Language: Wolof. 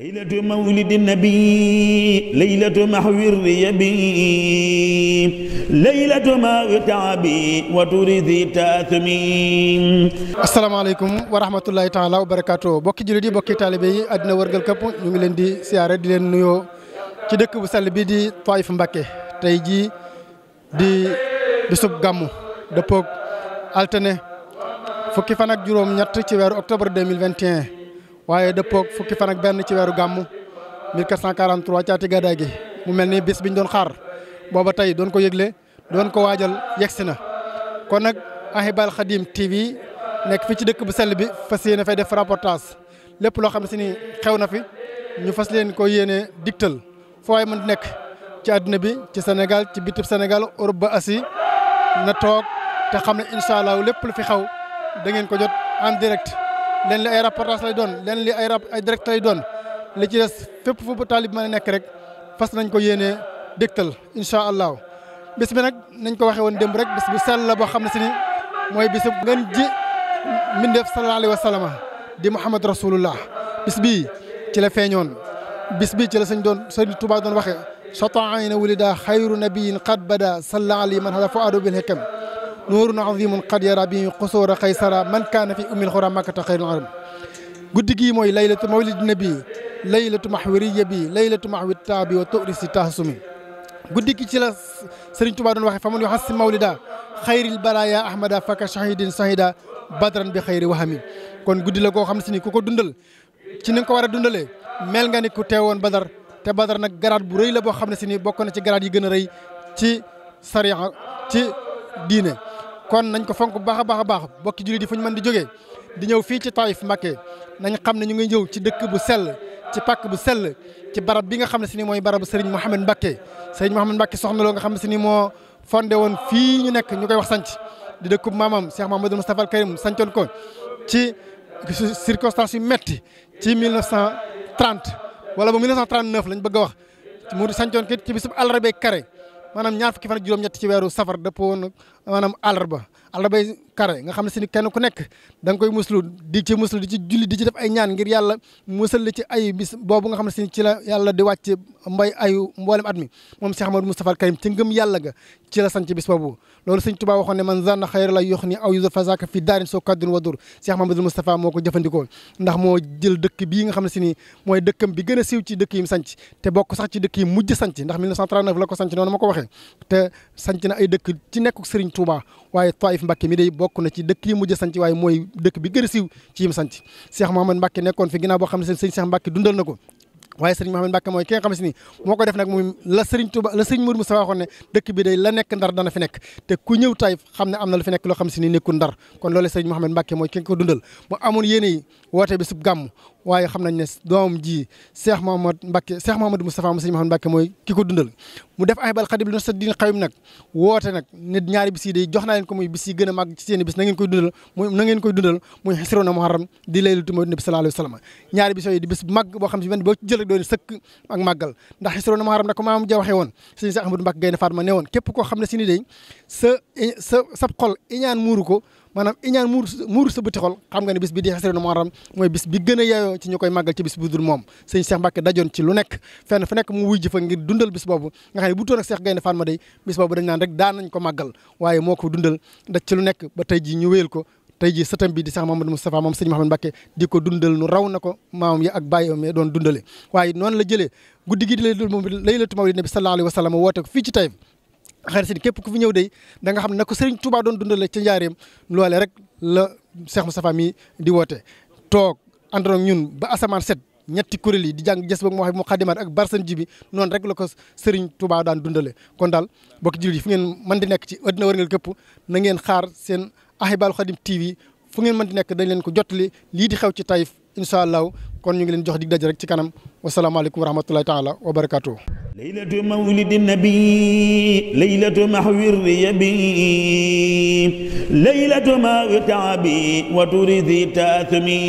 laylatu mawlidi nabi laylatu mahwi riyabi laylatu mahwi taabi wa turidi taatumi asalaamaaleykum wa rahmatullahi taala wa barakaatu bokki jullit yi bokki taalibe yi àddina wërgal ñu ngi leen di siyaare di leen nuyoo ci dëkk bu sell bi di Taif Mbacké tey jii di bisub gàmmu dëppoog altine fukki fan ak juróom ñett ci weeru octobre 2021 waaye dëppoog fukki fan ak benn ci weeru gàmmu 1443 caati gàddaay gi mu mel ni bis biñ doon xaar booba tey doon ko yëgle doon ko waajal yegsi na kon nag Ahibahil Khadim TV nekk fi ci dëkk bu sell bi fas yéene fay def rapportage lépp loo xam ne si ni xew na fi ñu fas leen ko yéene digtal foo waay mën nekk ci àddina bi ci Sénégal ci bitib Sénégal Europe ba Asie na toog te xam ne incha allah lépp lu fi xew da ngeen ko jot en direct leen li ay reportage lay doon leen li ay ay direct lay doon li ci des fépp fu taalib ma a nekk rek fas nañ ko yéenee dégtal incha allah bis bi nag nañ ko waxee woon démb rek bis bu sell la boo xam ne si ni mooy bisu ngeen ji mbindeef sallallahu alayhi wa sallam di muhammad rasulullah bis bii ci la feeñoon bis bii ci la sëñ doon sëñ Tuubaa doon waxee sota ayna wulida xayru nabiyin qad bada salla ali man hada fuaadu bil hikam na nuurun azimun qad yara bi qusuura qaysara man kaana fi ummil xura makkata xayrul aram guddi gii mooy laylatu mawlid nabi laylatu mahwiriya bi laylatu mahwi taabi wa turisi tahsumi guddi gi ci la Sëriñ Tuubaa doon waxee fa man yuhassi mawlida xayril baraya ahmada faka shahidin shahida badran bi xayri wahami kon guddi la koo xam si ni ku ko dundal ci ni nga ko war a dundalee mel nga ni ku teewoon badar te badar nag garaat bu rëy la boo xam ne si ni bokk na ci garaat yi gën a rëy ci sariya kon nañ ko fonk bu baax baax a baax bokki jullit yi fu ñu mën di jógee di ñëw fii ci Taif Mbacké nañ xam ne ñu ngi ñëw ci dëkk bu sell ci pàkk bu sell ci barab bi nga xam ne si ni mooy barabu Serigne Mouhamed Mbacké Serigne Mouhamed Mbacké soxna loo nga xam ne si ni moo fonde woon fii ñu nekk ñu koy wax sanc di dëkku dëkkub maamam Cheikh Mamadou Moustapha Al Karim sancoon ko ci circonstance yu metti ci 1930 wala ba 1939 lañ bëgg a wax mu sancoon ko ci bisub àllarba carré maanaam ñaar fukki fan ak juróom-ñett ci weeru safar dëppoo woon maanaam albay kare nga xam ne si kenn ku nekk da nga koy muslu di ci muslu di ci julli di ci def ay ñaan ngir yàlla musal la ci ayu bis boobu nga xam ne si ci la yàlla di wàcc mbay ayu at mi moom Cheikh Amadou Moustapha Karim ci yàlla ga ci la sant bis boobu loolu sëñ Tuubaa waxoon ne man zanna xayra la yox ni aw yusa fasaka fi daarin soo bii nga xam ni mooy dëkkam bi gën a siiw ci dëkk yi mu sanc te bokk sax ci dëkk yi mujj sanc ndax 1939 la ko sanc noonu ma ko waxee te sanc na Latif mi day bokk na ci dëkk yi mujj sanc waaye mooy dëkk bi gën a siiw ci yim sanc Cheikh Mouhamad Mbacke nekkoon fi ginnaaw boo xam ne seen sëñ Cheikh Mbacke dundal na ko waaye sëriñ Mouhamad Mbacke mooy ki nga xam si ni moo ko def nag moom la sëriñ Touba la sëriñ Mourou bi day la nekk ndar dana fi nekk te ku ñëw tay xam ne am na lu fi nekk loo xam si ni nekkul ndar kon loolu sëriñ Mouhamad Mbacke mooy ki ko dundal mu amoon yéene yi woote bi sub gàmm waaye xam nañ ne doomam ji Cheikh Mahamad Mbacke Cheikh Mahamadou Moustapha Moussa Mahamad Mbacke mooy ki ko dundal mu def ahibal xadim li na sa diin xawim nag woote nag ne ñaari bis yi day jox naa leen ko muy bis yi màgg ci seen bis na ngeen koy dundal muy koy dundal muy xisro na muharram di laylatu mawlid nabi sallallahu alayhi wa sallam ñaari bis yooyu di bis màgg boo xam si benn boo ci jël rek doon sëkk ak màggal ndax xisro na muharram nag ko maam ja waxee woon sëñ Cheikh Ahmadou Mbacke Gaynde Fatma ne woon képp koo xam ne si ni day sa sa sab xol muuru ko maanaam iñaan muur muur sa bëti xol xam nga ne bis di xasri muharram mooy bis bi gën a yaayoo ci ñu koy màggal ci bis bu moom sëñ Cheikh Mbacke dajoon ci lu nekk fenn fu nekk mu wuy ji ngir dundal bis boobu nga xam ne bu toon ak Cheikh Gaynde Fatma day bis boobu dañ naan rek daan ko màggal waaye moo ko dundal daj ci lu nekk ba tey ji ñu wéyal ko tey ji sëtam bi di Cheikh Mamadou Moustapha moom sëñ Mahamad Mbacke di ko dundal nu raw na ko maamam yi ak bàyyam yi la jëlee guddi gi di lay woote ko fii ci xar si képp ku fi ñëw de danga xam ne na ko Serigne Touba doon dundale ci njaareem loole rek la Cheikh Moustapha mi di woote. toog àndoon ak ñun ba asamaan set ñetti kuréel yi di jàng jës ba mu wax mu xadimaat ak barsan ji bi noonu rek la ko Serigne Touba daan dundale kon daal mbokki jullit yi fu ngeen mën di nekk ci àddina wërngal képp na ngeen xaar seen Ahibahil Khadim TV fu ngeen mën di nekk dañ leen ko jot jottali lii di xew ci Taïf incha allah kon ñu ngi leen jox dig daje rek ci kanam wasalaamaaleykum wa rahmatulahi taala wa barakaatu. laylatu mawlidi nabi laylatu mahwi riyabi laylatu ma witaabi wa turidi taasumi